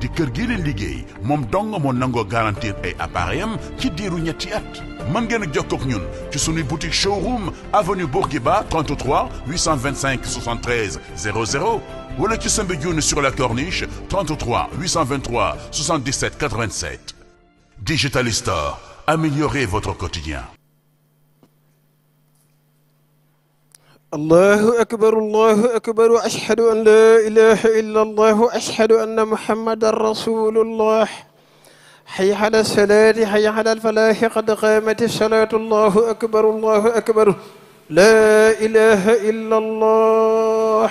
di kër gi leen liggéey moom dong moo nangoo garantir ay appareil am ci diiru ñetti at mën ngeen a jokkoo ak ñun ci suñuy boutique showroom avenue Bourguiba 33 825 73 00 wala ci Soumbédioune sur la corniche 33 823 77 87 Digital Store améliorez votre quotidien الله أكبر الله أكبر أشهد أن لا إله إلا الله أشهد أن محمد رسول الله حي على الصلاة حي على الفلاح قد قامت الصلاة الله أكبر الله أكبر لا إله إلا الله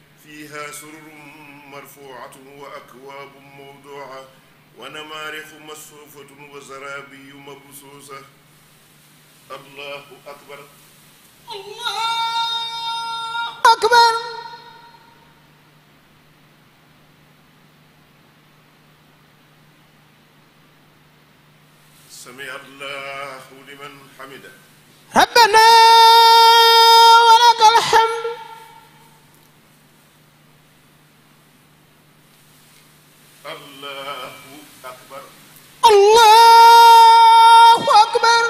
فيها سرر مرفوعة وأكواب موضوعة ونمارق مصفوفة وزرابي مبثوثة الله أكبر الله أكبر سمع الله لمن حمده ربنا allahu akbar allahu akbar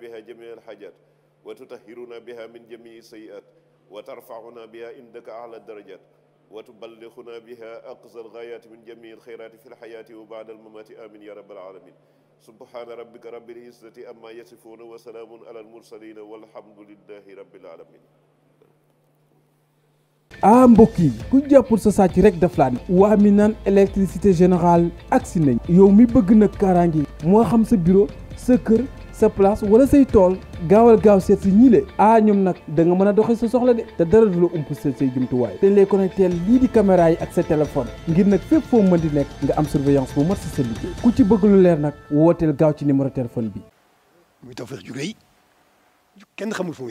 biha jami alxajat wa tutahiruna biha min jamii sayiat wa tarfauna biha indaka ala darajat wa tuballighuna biha aqsa alghayat min jamii alxayrati fi lxayati wa bada almamati amin ya rabbal alamin subhana rabbika rabbil izzati amma yasifuna wa salaamun ala almursalina walhamdulillahi rabbil alamin ah mbokk yi ku jàppul sa sàcc rek daf laan waa mi naan électricité générale agsi nañ yow mi bëgg nag kaaraange yi moo xam sa bureau sa kër sa place wala say tool gaawal gaaw seet si ñi le ah ñoom nag danga mën a doxee sa soxla de te dara du la ump sa say jumtuwaay te ñu lay lii di caméra yi ak sa téléphone ngir nag fépp foo mën di nekk nga am surveillance bu mat si sa liggéey ku ci bëgg lu leer nag wooteel gaaw ci numéro téléphone bi. muy Tawfekh ju rëy kenn xamul fu mu